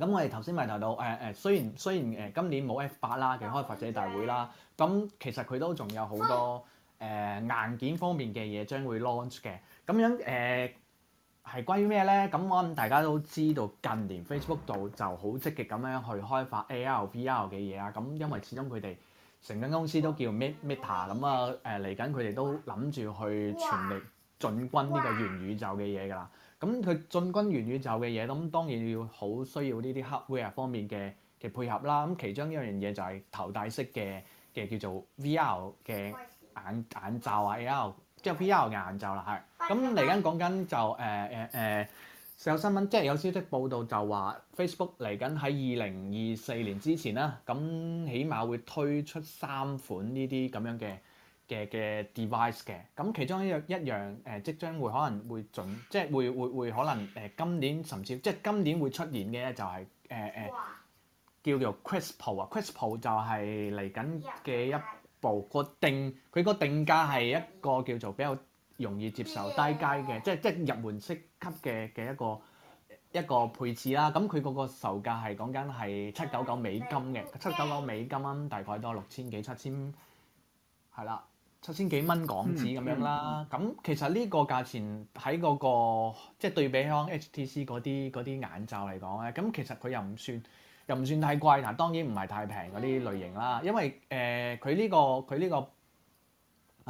咁我哋頭先咪提到誒誒、呃，雖然雖然誒、呃、今年冇 F 八啦嘅開發者大會啦，咁、嗯、其實佢都仲有好多誒、嗯呃、硬件方面嘅嘢將會 launch 嘅。咁樣誒係關於咩咧？咁我諗大家都知道，近年 Facebook 度就好積極咁樣去開發 a l v l 嘅嘢啊。咁因為始終佢哋成間公司都叫 Meta 咁啊誒、嗯、嚟緊，佢哋、嗯嗯、都諗住去全力進軍呢個元宇宙嘅嘢㗎啦。咁佢進軍元宇宙嘅嘢，咁當然要好需要呢啲 hardware 方面嘅嘅配合啦。咁其中一樣嘢就係頭戴式嘅嘅叫做 VR 嘅眼眼，眼罩啊，L 即係 VR 眼罩啦，係。咁嚟緊講緊就誒誒誒，有、呃呃呃、新聞即係有消息報道就話、嗯、Facebook 嚟緊喺二零二四年之前啦，咁起碼會推出三款呢啲咁樣嘅。嘅嘅 device 嘅，咁其中一樣一樣誒，即將會可能會準，即係會會會可能誒，今年甚至即係今年會出現嘅咧就係誒誒，叫做 Quest Pro 啊，Quest Pro 就係嚟緊嘅一部個定，佢個定價係一個叫做比較容易接受低階嘅，即係即係入門級級嘅嘅一個一個配置啦。咁佢嗰個售價係講緊係七九九美金嘅，七九九美金啊大概都六千幾七千，係啦。七千幾蚊港紙咁樣啦，咁、嗯嗯嗯嗯、其實呢個價錢喺嗰、那個即係、就是、對比響 HTC 嗰啲啲眼罩嚟講咧，咁其實佢又唔算又唔算太貴，嗱當然唔係太平嗰啲類型啦，因為誒佢、呃這個這個、呢個佢呢個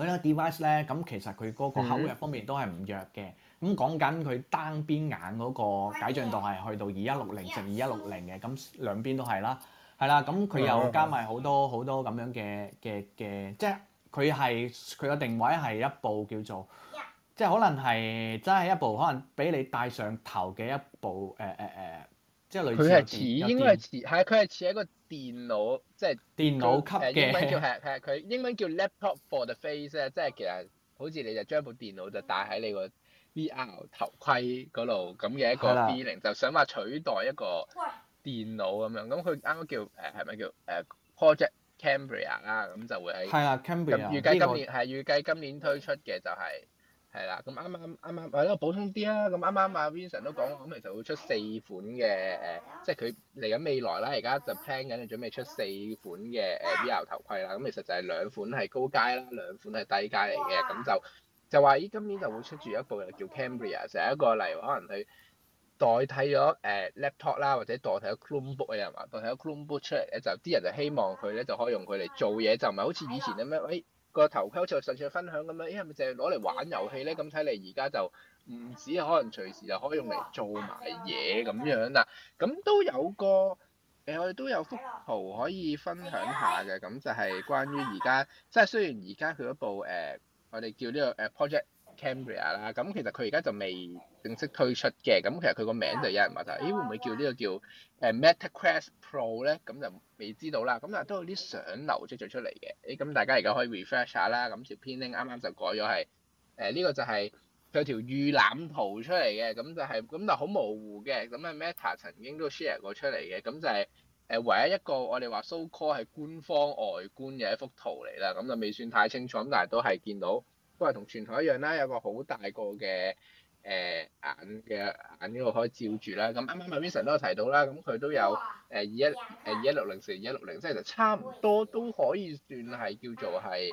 佢呢個 device 咧，咁其實佢嗰個口嘅方面都係唔弱嘅，咁、嗯嗯、講緊佢單邊眼嗰個解像度係去到二一六零乘二一六零嘅，咁兩邊都係啦，係啦，咁佢又加埋好多好、嗯嗯、多咁樣嘅嘅嘅即係。佢係，佢個定位係一部叫做，即係可能係真係一部可能俾你戴上頭嘅一部誒誒誒，即係類似。佢係似應該係似係佢係似一個電腦，即係電，電腦級，嘅、啊。英文叫係係佢英文叫 laptop for the face 啊，即係其實好似你就將部電腦就戴喺你個 VR 頭盔嗰度咁嘅一個 feeling，的就想話取代一個電腦咁樣，咁佢啱啱叫誒係咪叫誒、啊啊啊、project？Cambria 啦，咁就會喺、啊、預計今年係預計今年推出嘅就係係啦。咁啱啱啱啱，誒，都補充啲啦、啊。咁啱啱阿 Vincent 都講過，咁其實會出四款嘅誒，即係佢嚟緊未來啦。而家就 plan 緊，就準備出四款嘅誒 VR 頭盔啦。咁其實就係兩款係高階啦，兩款係低階嚟嘅。咁就就話咦，今年就會出住一部又叫 Cambria，成係一個例如可能佢。代替咗誒 laptop 啦，或者代替咗 Chromebook 嘅人話，代替咗 Chromebook 出嚟咧，就啲人就希望佢咧就可以用佢嚟做嘢，就唔係好似以前咁樣，誒、欸、個頭盔好似我上次分享咁樣，咦係咪淨係攞嚟玩遊戲咧？咁睇嚟而家就唔止可能隨時就可以用嚟做埋嘢咁樣啦。咁都有個誒、欸，我哋都有幅圖可以分享下嘅，咁就係關於而家，即係雖然而家佢嗰部誒、呃，我哋叫呢、這個誒、呃、project。Cambria 啦，咁其實佢而家就未正式推出嘅，咁其實佢個名就有人話就，咦會唔會叫呢個叫誒 Meta Quest Pro 咧？咁就未知道啦，咁但係都有啲相流出咗出嚟嘅，誒咁大家而家可以 refresh 下啦，咁條編鈴啱啱就改咗係誒呢個就係有條預覽圖出嚟嘅，咁就係咁就好模糊嘅，咁啊 Meta 曾經都 share 過出嚟嘅，咁就係誒唯一一個我哋話 so called 係官方外觀嘅一幅圖嚟啦，咁就未算太清楚，咁但係都係見到。都係，同傳統一樣啦，有個好大個嘅誒、呃、眼嘅眼呢度可以照住啦。咁啱啱阿 Vincent 都有提到啦，咁佢都有誒二一誒二一六零四二一六零，即係就差唔多都可以算係叫做係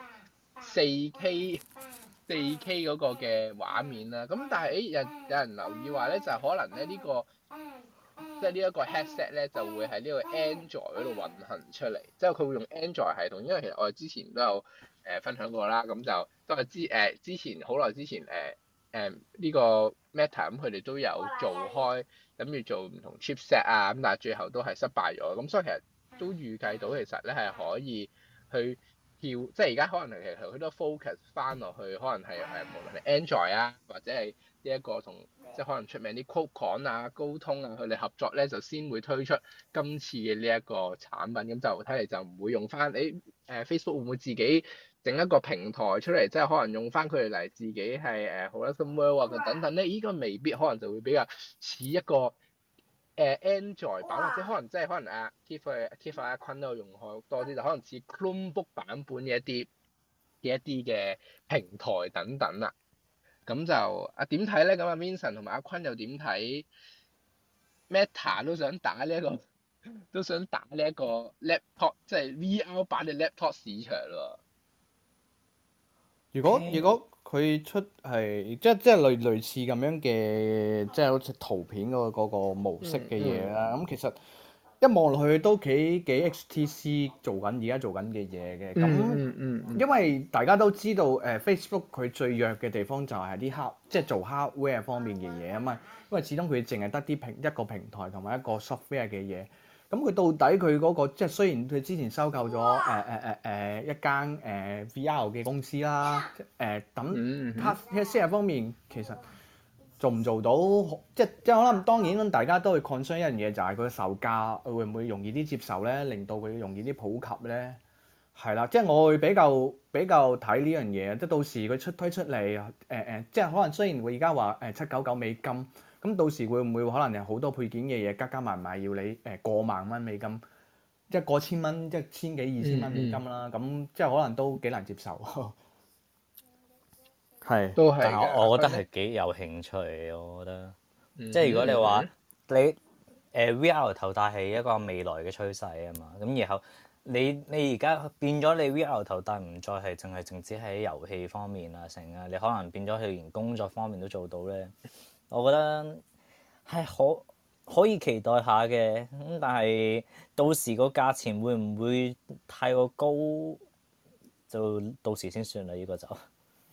四 K 四 K 嗰個嘅畫面啦。咁但係誒有有人留意話咧，就是、可能咧、這、呢個即係呢一個 headset 咧就會喺呢個 Android 嗰度運行出嚟，即係佢會用 Android 系統，因為其實我哋之前都有，誒分享過啦，咁就都係之誒之前好耐之前誒誒呢個 Meta，咁佢哋都有做開，諗住做唔同 chipset 啊，咁但係最後都係失敗咗，咁所以其實都預計到其實咧係可以去叫，即係而家可能其實好多 focus 翻落去，可能係係無論係 Android 啊，或者係呢一個同即係可能出名啲 Qualcomm 啊、高通啊，佢哋合作咧就先會推出今次嘅呢一個產品，咁就睇嚟就唔會用翻誒誒 Facebook 會唔會自己？整一個平台出嚟，即係可能用翻佢嚟自己係誒，或者 some world 等等咧，呢個未必可能就會比較似一個誒 Android 版，哇或者可能即係可能阿 Keep 佢 Keep 阿坤都用開多啲，就可能似 Chromebook 版本嘅一啲嘅一啲嘅平台等等啦。咁就啊點睇咧？咁阿 Vincent 同埋阿坤又點睇 Meta 都想打呢一個都想打呢一個 laptop，即係 VR 版嘅 laptop 市場喎。如果如果佢出係即係即係類類似咁樣嘅，即係好似圖片嗰、嗰個嗰個模式嘅嘢啦，咁、嗯、其實一望落去都幾幾 HTC 做緊而家做緊嘅嘢嘅。咁、嗯嗯嗯、因為大家都知道誒、呃、Facebook 佢最弱嘅地方就係啲 hard 即係做 hardware 方面嘅嘢啊嘛，嗯、因為始終佢淨係得啲平一個平台同埋一個 software 嘅嘢。咁佢到底佢嗰個即係雖然佢之前收購咗誒誒誒誒一間誒 VR 嘅公司啦，誒等 cut share 方面其實做唔做到，即係即係可能當然大家都會 concern 一樣嘢，就係佢嘅售價會唔會容易啲接受咧，令到佢容易啲普及咧。係啦，即係我會比較比較睇呢樣嘢，即係到時佢出推出嚟誒誒，即係可能雖然我而家話誒七九九美金。咁到時會唔會可能有好多配件嘅嘢，加加埋埋要你誒過萬蚊美金，即係過千蚊、一千幾、二千蚊美金啦。咁、嗯嗯、即係可能都幾難接受。係是，都係。但我我覺得係幾有興趣，我覺得、嗯、即係如果你話你誒、呃、V R 頭戴係一個未來嘅趨勢啊嘛。咁然後你你而家變咗，你，你，你 V R 頭戴唔再係淨係淨止喺遊戲方面啊成啊，你可能變咗佢連工作方面都做到咧。我覺得係可可以期待下嘅咁，但係到時個價錢會唔會太過高？就到時先算啦。呢、呢個就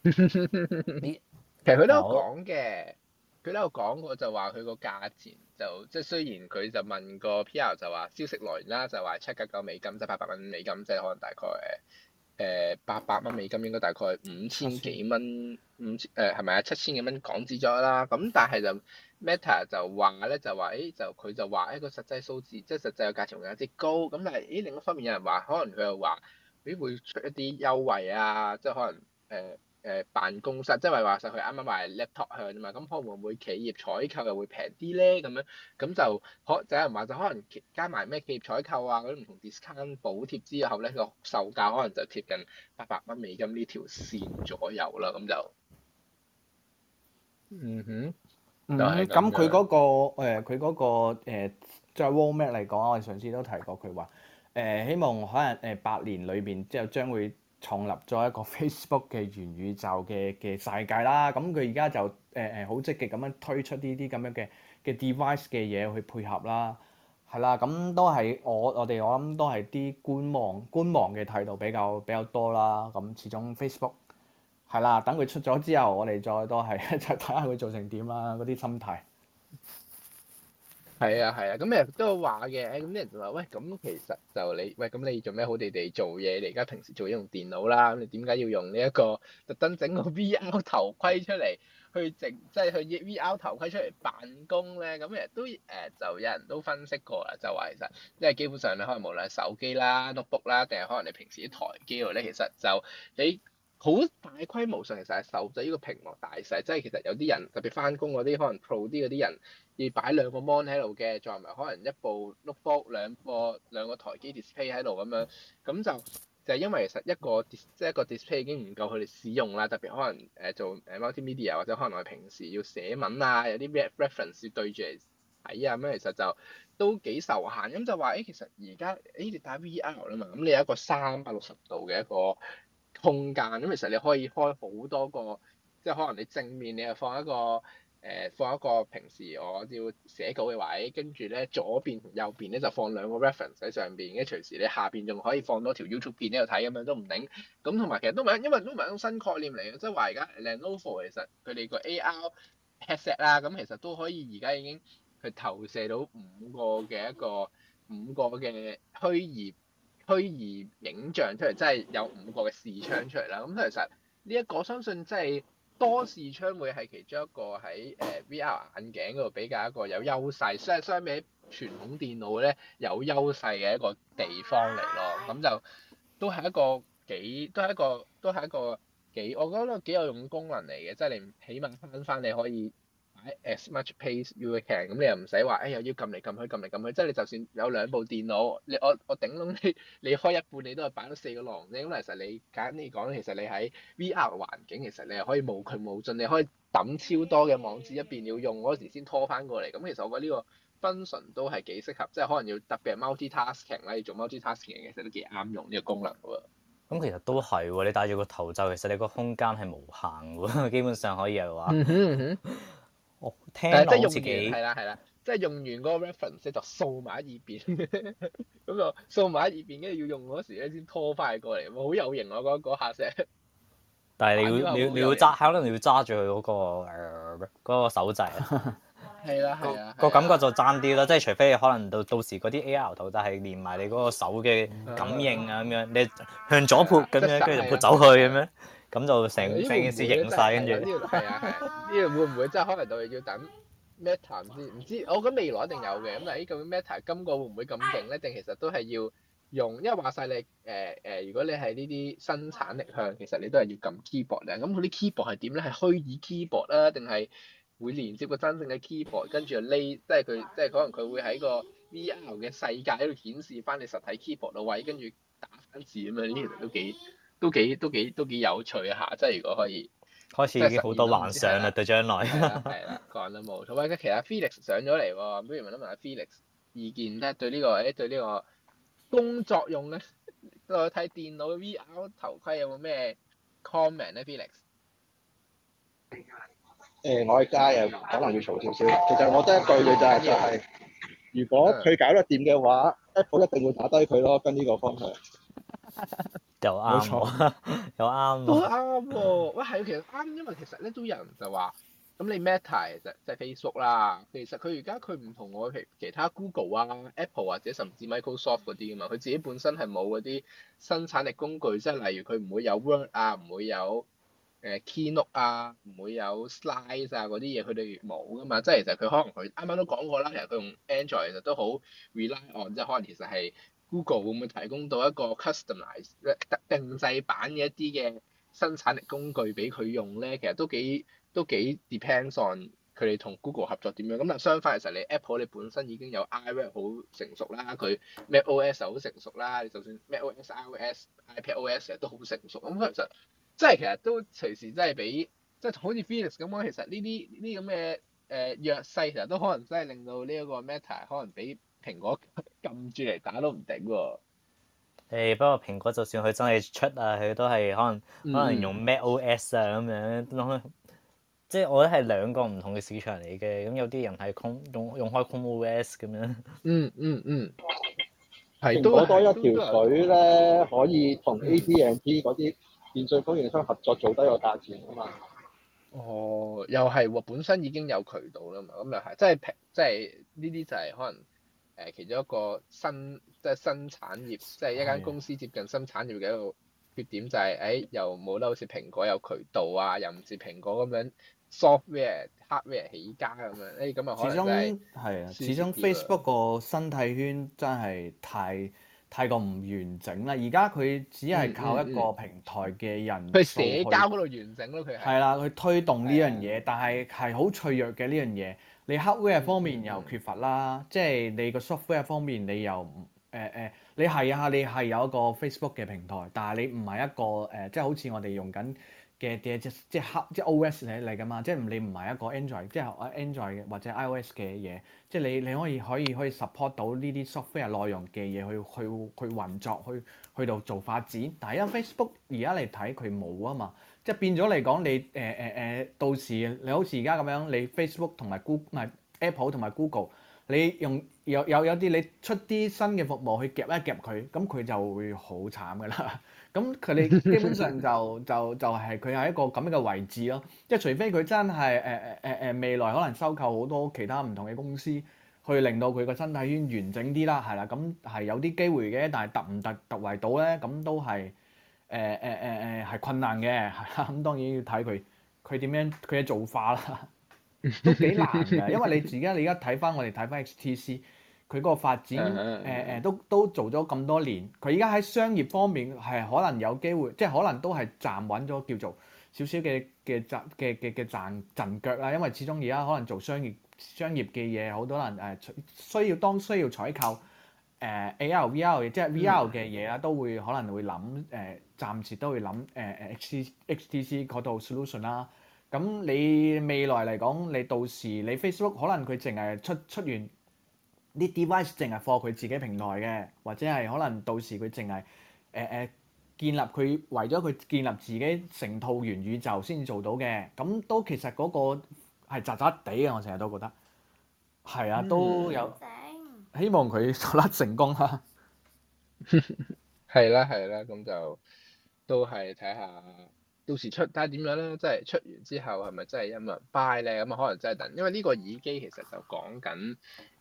其實佢都有講嘅，佢好都有講過就話佢個價錢就即係雖然佢就問過 P.R. 就話消息來源啦，就話七九九美金即係八百蚊美金，即係可能大概誒。誒八百蚊美金應該大概五千幾蚊，五千誒係咪啊七千幾蚊港紙咗啦，咁但係就 Meta 就話咧就話，誒、欸、就佢就話誒、欸那個實際數字即係實際嘅價錢會有啲高，咁但係誒、欸、另一方面有人話可能佢又話誒會出一啲優惠啊，即係可能誒。呃誒、呃、辦公室，即係話實佢啱啱買 laptop 向啊嘛，咁可能唔會企業採購又會平啲咧？咁樣咁就可就有人話就可能加埋咩企業採購啊嗰啲唔同 discount 補貼之後咧個售價可能就貼近八百蚊美金呢條線左右啦，咁就嗯哼，咁佢嗰個佢嗰、呃嗰個誒，係 Walmart 嚟講我哋上次都提過佢話誒希望可能誒百年裏邊之後將會。創立咗一個 Facebook 嘅元宇宙嘅嘅世界啦，咁佢而家就誒誒好積極咁樣推出呢啲咁樣嘅嘅 device 嘅嘢去配合啦，係啦，咁都係我我哋我諗都係啲觀望觀望嘅態度比較比較多啦，咁始終 Facebook 係啦，等佢出咗之後，我哋再都係再睇下佢做成點啦，嗰啲心態。係啊係啊，咁誒都有話嘅，咁啲人就話喂，咁其實就你喂，咁你做咩好地地做嘢？你而家平時做嘢用電腦啦，咁你點解要用呢、這、一個特登整個 VR 頭盔出嚟去整，即、就、係、是、去 VR 頭盔出嚟辦公咧？咁其實都誒、呃，就有人都分析過啦，就話其實，因為基本上你可能無論係手機啦、notebook 啦，定係可能你平時啲台機咧，其實就你，欸好大規模上其實係受制依個屏幕大細，即係其實有啲人特別翻工嗰啲，可能 Pro 啲嗰啲人要擺兩個 Mon 喺度嘅，再唔係可能一部 Notebook 兩個兩個台機 Display 喺度咁樣，咁就就係、是、因為其實一個即係、就是、一個 Display 已經唔夠佢哋使用啦，特別可能誒做 Multimedia 或者可能我哋平時要寫文啊，有啲 Reference 要對住嚟睇啊，咁其實就都幾受限。咁就話誒、欸，其實而家誒你戴 VR 啦嘛，咁你有一個三百六十度嘅一個。空間，咁其實你可以開好多個，即係可能你正面你又放一個誒、呃、放一個平時我要寫稿嘅位，跟住咧左邊同右邊咧就放兩個 reference 喺上邊，跟住隨時你下邊仲可以放多條 YouTube 片喺度睇咁樣都唔頂。咁同埋其實都唔係因為都唔係一種新概念嚟嘅，即、就、係、是、話而家 Lenovo 其實佢哋個 AR headset 啦、啊，咁、嗯、其實都可以而家已經去投射到五個嘅一個五個嘅虛擬。虛擬影像出嚟，即係有五個嘅視窗出嚟啦。咁、嗯、其實呢一個我相信即係多視窗會係其中一個喺誒 VR 眼鏡嗰度比較一個有優勢，相相比喺傳統電腦咧有優勢嘅一個地方嚟咯。咁、嗯、就都係一個幾，都係一個，都係一個幾，我覺得幾有用嘅功能嚟嘅。即係你起碼返返你可以。As much space you can，咁你又唔使話，誒、哎、又要撳嚟撳去撳嚟撳去，即係你就算有兩部電腦，你我我頂籠你你開一半，你都係擺咗四個籠啫。咁其實你簡單地講咧，其實你喺 VR 環境，其實你又可以無窮無盡，你可以揼超多嘅網址一邊要用，嗰時先拖翻過嚟。咁其實我覺得呢個 function 都係幾適合，即係可能要特別係 multitasking 咧，要做 multitasking 其實都幾啱用呢個功能喎。咁其實都係喎，你戴住個頭罩，其實你個空間係無限喎，基本上可以係話。聽落自己係啦係啦，即係用完嗰個 reference 咧，就掃埋喺耳邊，咁就掃埋喺耳邊，跟住要用嗰時咧先拖翻過嚟，好有型啊！我覺得嗰下聲。但係你要你要揸，可能你要揸住佢嗰個嗰個手掣。係啦係啊，個感覺就爭啲啦，即係除非可能到到時嗰啲 A.R. 圖就係連埋你嗰個手嘅感應啊，咁樣你向左撥咁樣，跟住就撥走去咁樣。咁就成成件事型晒，跟住係啊係，呢個會唔會真係可能到要等 Meta 先？唔知我覺得未來一定有嘅。咁但係呢個 Meta 今個會唔會咁型咧？定其實都係要用？因為話晒你誒誒、呃呃，如果你係呢啲生產力向，其實你都係要撳鍵盤嘅。咁佢啲 Keyboard 係點咧？係虛擬 Keyboard 啦、啊，定係會連接個真正嘅鍵盤，跟住呢，即係佢即係可能佢會喺個 VR 嘅世界喺度顯示翻你實體 Keyboard 嘅位，跟住打翻字咁樣。呢樣都幾～都幾都幾都幾有趣吓，即係如果可以開始好多幻想啦對將來。係啦，講都冇。咁啊，其實 Felix 上咗嚟喎，不如問一問下 Felix 意見，即係對呢、呢個誒對呢個工作用咧，再睇電腦 VR 頭盔有冇咩 comment 咧，Felix？誒、欸，我喺街又可能要嘈少少。其實我得一句就係就係，如果佢搞得掂嘅話，Apple 一定會打低佢咯，跟呢個方向。 就啱，冇錯， 又啱了 都啱喎，哇，係其實啱，因為其實咧，都有人就話，咁你 Meta 即即 Facebook 啦，其實佢而家佢唔同我其其他 Google 啊、Apple 啊或者甚至 Microsoft 嗰啲噶嘛，佢自己本身係冇嗰啲生產力工具，即係例如佢唔會有 Word 啊，唔會有誒 Keynote 啊，唔會有 Slides 啊嗰啲嘢，佢哋冇噶嘛。即係其實佢可能佢啱啱都講過啦，其實佢用 Android 其實都好 rely on，即係可能其實係。Google 會唔會提供到一個 customize 咧定製版嘅一啲嘅生產力工具俾佢用咧？其實都幾都幾 depends on 佢哋同 Google 合作點樣咁。但相反其實你 Apple 你本身已經有 iOS 好成熟啦，佢 MacOS 好成熟啦。你就算 MacOS、iOS、iPadOS 都好成熟。咁、嗯、其實即係其實都隨時真係俾即係好似 Felix 咁講，其實呢啲呢啲咁嘅誒弱勢其實都可能真係令到呢一個 Meta 可能俾。蘋果撳住嚟打都唔頂喎。不過、欸、蘋果就算佢真係出啊，佢都係可能可能用咩 OS 啊咁樣，即係我覺得係兩個唔同嘅市場嚟嘅。咁有啲人係用用開 c o s 咁樣、嗯。嗯嗯嗯，係都 蘋果多一條水咧，可以同 AT&T 嗰啲電信供應商合作做得有價錢啊嘛。哦，又係喎、哦，本身已經有渠道啦嘛，咁又係，即係即係呢啲就係可能。誒，其中一個新即係新產業，即係一間公司接近新產業嘅一個缺點就係、是，誒、哎、又冇得好似蘋果有渠道啊，又唔似蘋果咁樣 software、soft ware, hardware 起家咁樣，誒咁啊始終係啊，始終 Facebook 個生態圈真係太太過唔完整啦。而家佢只係靠一個平台嘅人去、嗯嗯嗯、社交嗰度完整咯。佢係啦，佢推動呢樣嘢，的但係係好脆弱嘅呢樣嘢。你 hardware 方面又缺乏啦，嗯、即係你個 software 方面你又唔誒誒，你係啊，你係有一個 Facebook 嘅平台，但係你唔係一個誒、呃、即係好似我哋用緊。嘅嘅即即黑即係 O.S 嚟嚟噶嘛，即係你唔係一個 Android，即係 Android 或者 I.O.S 嘅嘢，即係你你可以可以可以 support 到呢啲 software 內容嘅嘢去去去運作，去去到做發展。但係因為 Facebook 而家嚟睇佢冇啊嘛，即係變咗嚟講你誒誒誒，到時你好似而家咁樣，你 Facebook 同埋 Google 唔係 Apple 同埋 Google，你用有有有啲你出啲新嘅服務去夾一夾佢，咁佢就會好慘噶啦～咁佢哋基本上就就就係佢喺一個咁嘅位置咯，即係除非佢真係誒誒誒誒未來可能收購好多其他唔同嘅公司，去令到佢個生態圈完整啲啦，係啦，咁係有啲機會嘅，但係突唔突突圍到咧？咁都係誒誒誒誒係困難嘅，係啦，咁、嗯、當然要睇佢佢點樣佢嘅做法啦，都幾難嘅，因為你自己你而家睇翻我哋睇翻 HTC。佢嗰個發展，誒、呃、誒都都做咗咁多年。佢而家喺商業方面係可能有機會，即係可能都係站穩咗叫做少少嘅嘅站嘅嘅嘅站陣腳啦。因為始終而家可能做商業商業嘅嘢，好多人能、呃、需要當需要採購誒、呃、A R V R 亦即係 V R 嘅嘢啦，都會、嗯、可能會諗誒，暫、呃、時都會諗誒誒 H T C 嗰度 solution 啦。咁你未來嚟講，你到時你 Facebook 可能佢淨係出出完。啲 device 淨係放佢自己平台嘅，或者係可能到時佢淨係誒誒建立佢為咗佢建立自己成套元宇宙先做到嘅，咁都其實嗰個係渣渣哋嘅。我成日都覺得係啊，都有希望佢甩成功啦。係啦係啦，咁就都係睇下到時出，睇下點樣啦。即係出完之後係咪真係音質 buy 咧？咁啊可能真係等，因為呢個耳機其實就講緊。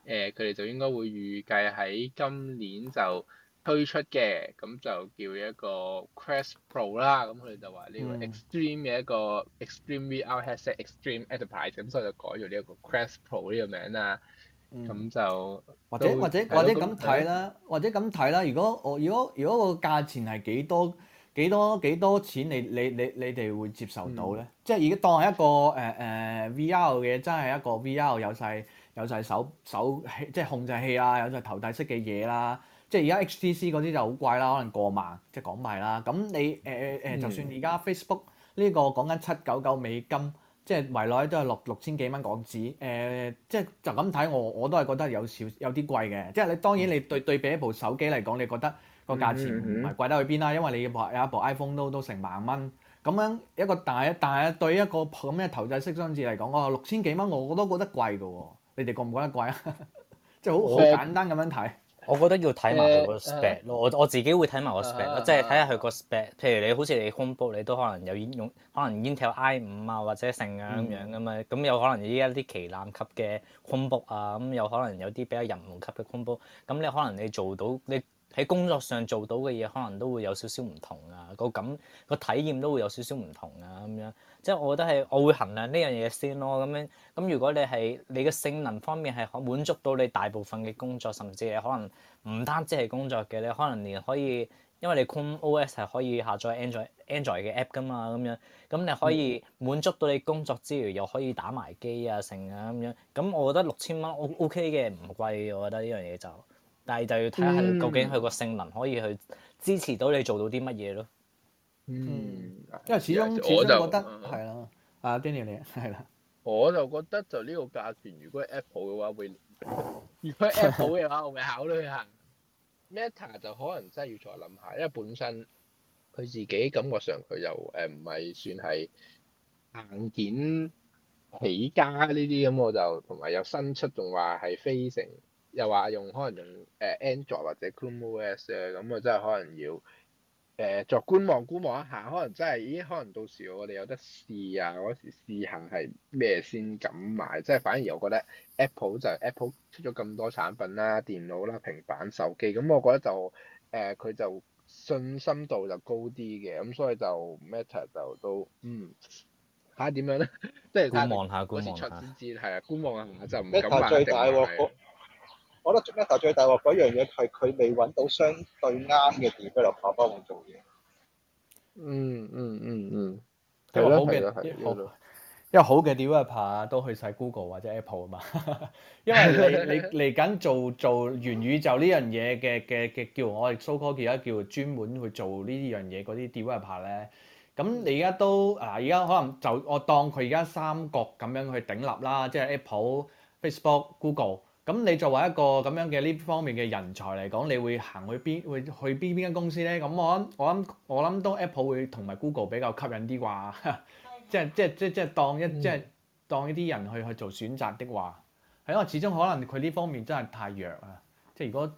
誒佢哋就應該會預計喺今年就推出嘅，咁就叫一個 Quest Pro 啦。咁佢哋就話呢個 extreme 嘅一個、嗯、extreme VR headset，extreme enterprise，咁所以就改咗呢一個 Quest Pro 呢個名啦。咁、嗯、就或者都或者、這個、或者咁睇啦，哎、或者咁睇啦。如果我如果如果個價錢係幾多幾多幾多錢，你你你你哋會接受到咧？嗯、即係已經當係一個誒誒、呃呃、VR 嘅，真係一個 VR 有晒。有就係手手即係控制器啦、啊，有就係頭戴式嘅嘢啦。即係而家 H T C 嗰啲就好貴啦，可能過萬即係港幣啦。咁你誒誒、呃呃呃，就算而家 Facebook 呢、呢個講緊七九九美金，即係圍內都係六六千幾蚊港紙誒、呃，即係就咁睇我我都係覺得有少有啲貴嘅。即係你當然你對對比一部手機嚟講，你覺得個價錢唔係貴得去邊啦，因為你有有一部 iPhone 都都成萬蚊咁樣一個但係但係對一個咁嘅頭戴式裝置嚟講，我六千幾蚊我都覺得貴㗎喎、啊。你哋覺唔覺得貴啊？即係好好簡單咁樣睇。我覺得要睇埋個 spec 咯，我、呃、我自己會睇埋個 spec，即係睇下佢個 spec。譬如你好似你 notebook，你都可能有用，可能 Intel i 五啊或者成啊咁樣噶嘛。咁、嗯、有可能依家啲旗艦級嘅 notebook 啊，咁有可能有啲比較入門級嘅 notebook。咁你可能你做到，你喺工作上做到嘅嘢，可能都會有少少唔同啊。個感個體驗都會有少少唔同啊咁樣。即係我覺得係，我會衡量呢樣嘢先咯。咁樣咁如果你係你嘅性能方面係可滿足到你大部分嘅工作，甚至你可能唔單止係工作嘅，你可能連，可以因為你 Chrome OS 係可以下載 Android Android Android 嘅 App 㗎嘛。咁樣咁你可以滿足到你工作之餘又可以打埋機啊，剩啊咁樣。咁我覺得六千蚊 OK 嘅，唔貴。我覺得呢樣嘢就，但係就要睇下究竟佢個性能可以去支持到你做到啲乜嘢咯。嗯，因為始終我就始終覺得係啦，阿 Daniel 你係啦，我就覺得就呢個價錢，如果 Apple 嘅話會， 如果 Apple 嘅話我會考慮下 ，Meta 就可能真係要再諗下，因為本身佢自己感覺上佢又誒唔係算係硬件起家呢啲咁，我就同埋有又新出仲話係飛成，又話用可能用誒 Android 或者 Chrome OS 咁啊真係可能要。誒再、呃、觀望觀望一下，可能真係，咦？可能到時我哋有得試啊，嗰時試行係咩先敢買。即係反而我覺得 Apple 就 Apple 出咗咁多產品啦，電腦啦、平板、手機，咁我覺得就誒佢、呃、就信心度就高啲嘅，咁所以就 Meta 就都嗯嚇點、啊、樣咧？即 係看觀望下觀望下。我先測先知，係啊，觀望下就唔敢買定、嗯是我覺得 z o 頭最大鑊嗰樣嘢係佢未揾到相對啱嘅 developer 幫佢做嘢、嗯。嗯嗯嗯嗯。好嘅的，因為好嘅 developer 都去晒 Google 或者 Apple 啊嘛。 因為你嚟緊做做元宇宙呢樣嘢嘅嘅嘅，叫我哋 so call 而家叫專門去做、er、呢樣嘢嗰啲 developer 咧。咁你而家都啊，而家可能就我當佢而家三國咁樣去頂立啦，即係 Apple、Facebook、Google。咁你作為一個咁樣嘅呢方面嘅人才嚟講，你會行去邊，會去邊邊間公司咧？咁我諗我諗我諗都 Apple 會同埋 Google 比較吸引啲啩， 即係即係即係即係當一即係當一啲人去去做選擇的話，係因為始終可能佢呢方面真係太弱啦。即係如果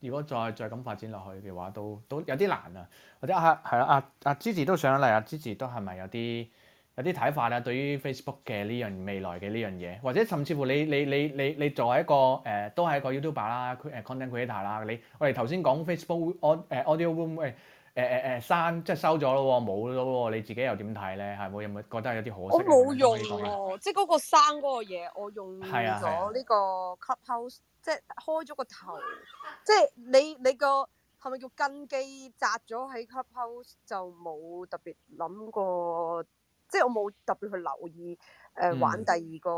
如果再再咁發展落去嘅話，都都有啲難啊。或者阿係啊阿阿芝治都上嚟啊，啊芝治都係咪有啲？有啲睇法啦、啊，對於 Facebook 嘅呢、這、樣、個、未來嘅呢樣嘢，或者甚至乎你你你你你，你作為一個誒、呃、都係一個 YouTuber 啦，誒 content creator 啦，你我哋頭先講 Facebook 誒 Audio Room 誒誒誒生即係收咗咯，冇咗咯，你自己又點睇咧？係冇有冇覺得有啲可惜？我冇用喎、啊，即係嗰個生嗰個嘢， 我用咗呢個 Clubhouse，即係開咗個頭， 即係你你個係咪叫根基紮咗喺 Clubhouse 就冇特別諗過。即係我冇特別去留意誒、呃、玩第二個、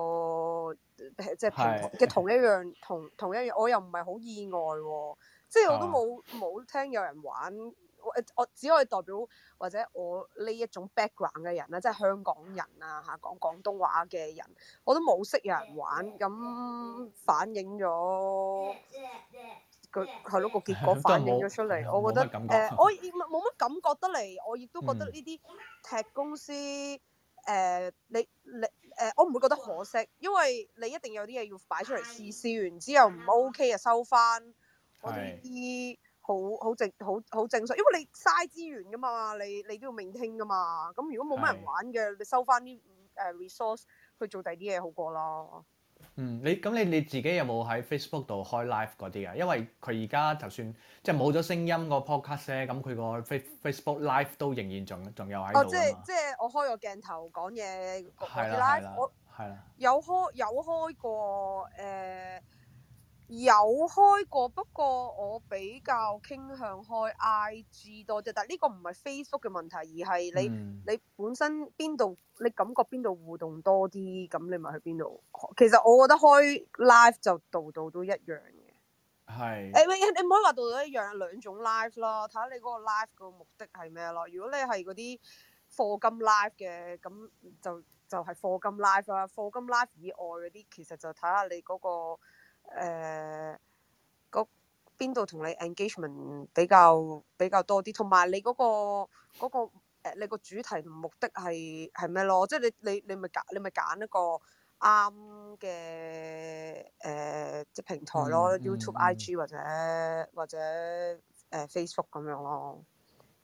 嗯、即係嘅同一樣同同一樣，我又唔係好意外喎、啊。即係我都冇冇、啊、聽有人玩誒，我我只可以代表或者我呢一種 background 嘅人啦，即係香港人啊，嚇講廣東話嘅人，我都冇識有人玩，咁反映咗。佢係咯，個結果反映咗出嚟，我覺得誒、呃，我冇乜感覺得嚟，我亦都覺得呢啲踢公司誒、嗯呃，你你誒、呃，我唔會覺得可惜，因為你一定有啲嘢要擺出嚟試試完之後唔 OK 啊，收翻我哋啲好好正好好正常，因為你嘥資源㗎嘛，你你都要面傾㗎嘛，咁如果冇乜人玩嘅，的你收翻啲誒、呃、resource 去做第二啲嘢好過啦。嗯，你咁你你自己有冇喺 Facebook 度開 live 嗰啲啊？因為佢而家就算即係冇咗聲音個 podcast 咧，咁佢個 face Facebook live 都仍然仲仲有喺度、哦、即係即係我開個鏡頭講嘢個 live，我有開有開過誒。呃有開過，不過我比較傾向開 IG 多啲。但呢個唔係 Facebook 嘅問題，而係你、嗯、你本身邊度，你感覺邊度互動多啲，咁你咪去邊度。其實我覺得開 live 就度度都一樣嘅。係是。誒、欸、你唔可以話度度一樣，兩種 live 咯。睇下你嗰個 live 個目的係咩咯。如果你係嗰啲課金 live 嘅，咁就就係、是、課金 live 啦。課金 live 以外嗰啲，其實就睇下你嗰、那個。誒嗰邊度同你 engagement 比較比較多啲，同埋你嗰個嗰個誒你個主題目的係係咩咯？即係你你你咪揀你咪揀一個啱嘅誒即係平台咯，YouTube、IG 或者或者誒 Facebook 咁樣咯。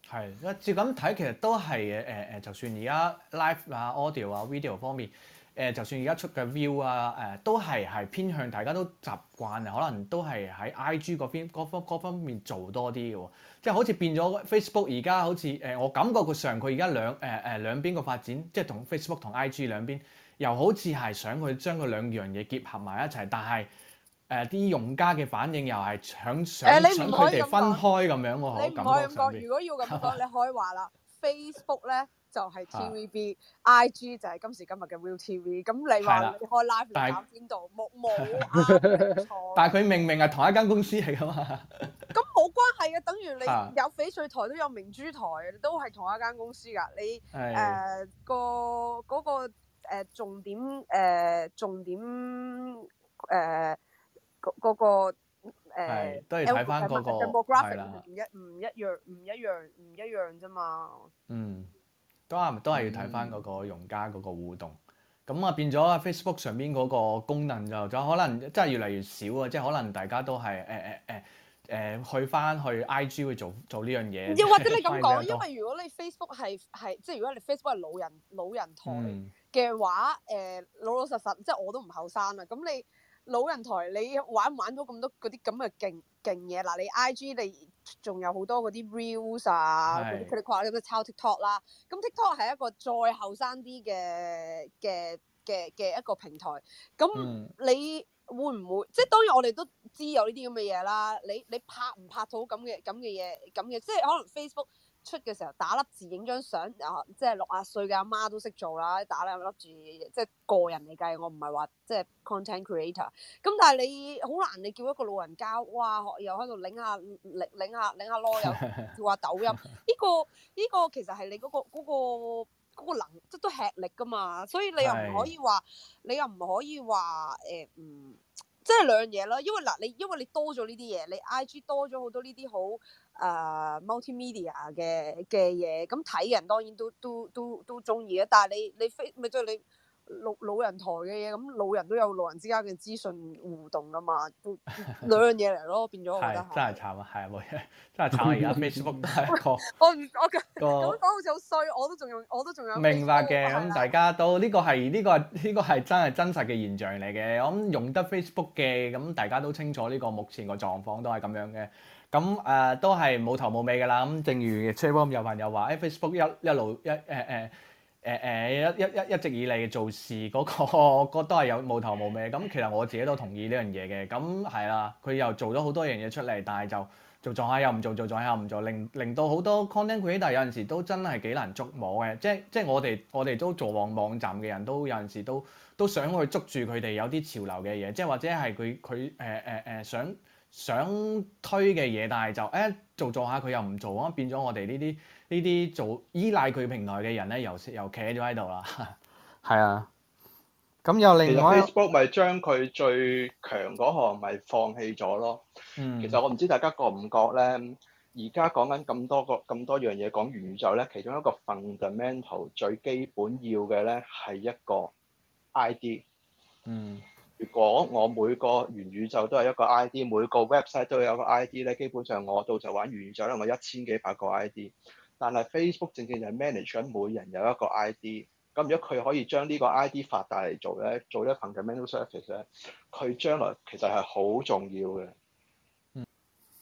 係，一照咁睇，其實都係誒誒，就算而家 live 啊、audio 啊、video 方面。誒、呃，就算而家出嘅 View 啊，誒、呃，都係係偏向大家都習慣嘅，可能都係喺 IG 嗰邊，各方面方面做多啲嘅喎。即係好似變咗 Facebook 而家好似誒、呃，我感覺佢上佢而家兩誒誒兩邊嘅發展，即係同 Facebook 同 IG 兩邊，又好似係想佢將佢兩樣嘢結合埋一齊，但係誒啲用家嘅反應又係想、呃、想想佢哋分開咁樣喎。你唔可以咁講，如果要咁講， 你可以話啦，Facebook 咧。就係 TVB，IG 就係今時今日嘅 ViuTV。咁你話你開 live 你揀邊度？冇冇錯。L, 但係佢明明係同一間公司嚟噶嘛？咁冇關係嘅、啊，等於你有翡翠台都有明珠台，都係同一間公司噶。你誒是、呃那個嗰、那個那個重點誒、呃、重點誒嗰嗰個誒，都係睇翻嗰個係啦，唔一唔一樣，唔的一樣，唔一樣啫嘛。嗯。都係都係要睇翻嗰個用家嗰個互動，咁啊、嗯、變咗 Facebook 上邊嗰個功能就就可能真係越嚟越少啊！即、就、係、是、可能大家都係誒誒誒誒去翻去 IG 去做做呢樣嘢。又或者你咁講， 因為如果你 Facebook 係係即係、就是、如果你 Facebook 係老人老人台嘅話，誒、嗯、老老實實即係、就是、我都唔後生啦。咁你老人台你玩唔玩到咁多嗰啲咁嘅勁？嘅嘢嗱，你 I G 你仲有好多嗰啲 Reels 啊，佢哋跨喺度抄 TikTok 啦。咁 TikTok 係一個再後生啲嘅嘅嘅嘅一個平台。咁你會唔會？即係當然我哋都知有呢啲咁嘅嘢啦。你你拍唔拍到咁嘅咁嘅嘢？咁嘅即係可能 Facebook。出嘅時候打粒字影張相啊，即係六十歲嘅阿媽都識做啦，打兩粒字即係個人嚟計，我唔係話即係 content creator、嗯。咁但係你好難，你叫一個老人家哇，又喺度擰下擰下擰下囉柚，叫下抖音呢、 呢個呢、呢個其實係你嗰、嗰個嗰、嗰個嗰、嗰個能即都吃力㗎嘛，所以你又唔可以話是你又唔可以話誒、欸、嗯，即係兩樣嘢咯。因為嗱你因為你多咗呢啲嘢，你 IG 多咗好多呢啲好。誒 multimedia 嘅嘅嘢，咁睇、uh, 嗯、人當然都都都都中意啊，但係你你非咪即係你。你老老人台嘅嘢，咁老人都有老人之間嘅資訊互動㗎嘛，都兩樣嘢嚟咯，變咗 我覺得係真係慘 啊，係冇錯，真係慘啊！而家 Facebook 都係一個， 我唔我、咁講好似好衰，我都仲用，我都仲有。明白嘅，咁大家都呢個係呢個呢個係真係真實嘅現象嚟嘅。咁用得 Facebook 嘅咁，大家都、這個這個這個這個、清楚呢個目前個狀況都係咁樣嘅。咁誒、呃、都係冇頭冇尾噶啦。咁正如崔波有朋友話，Facebook 一一路一誒誒。嗯誒誒、哎、一一一直以嚟做事嗰、嗰個，個都覺係有無頭無尾咁。其實我自己都同意呢樣嘢嘅。咁係啦，佢又做咗好多樣嘢出嚟，但係就做做下又唔做，做做下又唔做，令令到好多 content，但係有陣時都真係幾難捉摸嘅。即即我哋我哋都做網網站嘅人都有陣時都都想去捉住佢哋有啲潮流嘅嘢，即或者係佢佢誒誒誒想想推嘅嘢，但係就誒、哎、做做下佢又唔做啊，變咗我哋呢啲。呢啲做依賴佢平台嘅人咧，又又企咗喺度啦，係 啊。咁又另外 Facebook 咪將佢最強嗰項咪放棄咗咯。嗯。其實我唔知大家有冇覺唔覺咧，而家講緊咁多個咁多樣嘢講元宇宙咧，其中一個 fundamental 最基本要嘅咧係一個 ID。嗯。如果我每個元宇宙都係一個 ID，每個 website 都有一個 ID 咧，基本上我到就玩元宇宙啦。我一千幾百個 ID。但係 Facebook 正正就係 manage 緊每人有一個 ID，咁如果佢可以將呢個 ID 發大嚟做咧，做一份嘅 mental service 咧，佢將來其實係好重要嘅。嗯。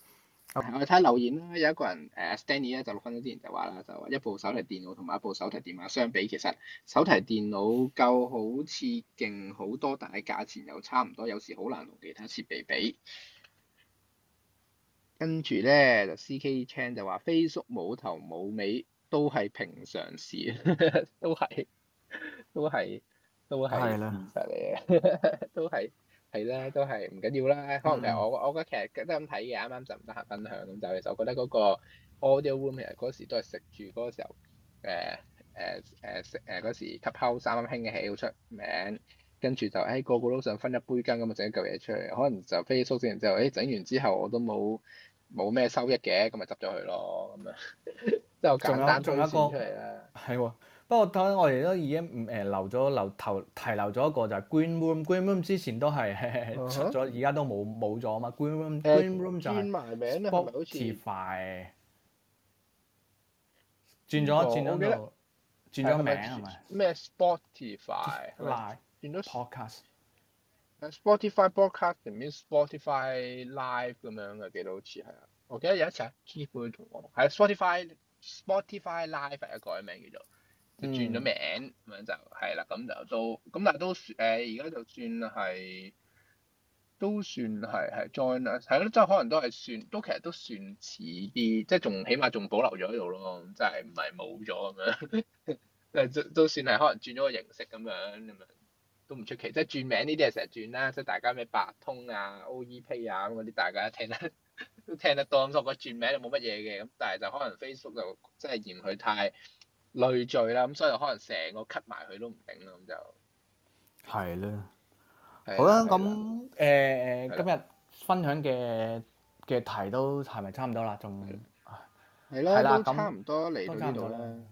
啊、我哋睇留言啦，有一個人誒、啊、Stanley 咧，就六分鐘之前就話啦，就話一部手提電腦同埋一部手提電話相比，其實手提電腦夠好似勁好多，但係價錢又差唔多，有時好難同其他設備比。跟住咧就 CK Chan 就話 Facebook 冇頭冇尾都係平常事， 都係都係都係唔實嚟嘅，都，的 都，都，都係係咧都係唔緊要啦。可能係我我覺得其實都係咁睇嘅。啱啱就唔得閒分享咁就就覺得嗰個 Audio Room 其實嗰時都係、呃呃呃、食住嗰、呃、時候誒誒誒食誒嗰時吸三衫興嘅起好出名，跟住就誒、哎、個個都想分一杯羹咁啊整一嚿嘢出嚟，可能就 Facebook 先後就完之後誒整、欸、完之後我都冇。冇咩收益嘅，咁咪執咗佢咯，咁樣仲有仲有一個出嚟咧。係喎，不過睇我哋都已經誒留咗留頭提留咗一個就係 Green Room。Green Room 之前都係出咗，而家都冇冇咗啊嘛。Green Room Green Room 就係 Spotify 轉咗轉咗，轉咗名係咪？咩 Spotify？轉咗 Podcast。Spotify broadcast 入面 Spotify Live 咁樣嘅，幾多次，似係啊，我記得有一次啊 k、oh, e、yeah. 同我係啊 Spotify，Spotify Live 嚟一個嘅名叫做，即轉咗名咁、嗯、樣就係啦，咁就都咁，但都誒而家就算係，都算係係 join 啊，係咯，即可能都係算，都其實都算似啲，即仲起碼仲保留咗喺度咯，即係唔係冇咗咁樣，誒 都都算係可能轉咗個形式咁樣咁樣。都唔出奇，即係轉名呢啲係成日轉啦，即係大家咩八通啊、OEP 啊咁嗰啲，大家都聽得都聽得多咁，所以個轉名都冇乜嘢嘅，咁但係就可能 Facebook 就即係嫌佢太累贅啦，咁所以可能成個 cut 埋佢都唔頂啦，咁就係啦。好啦，咁誒今日分享嘅嘅題都係咪差唔多啦？仲係咯，係啦，咁差唔多嚟到呢度啦。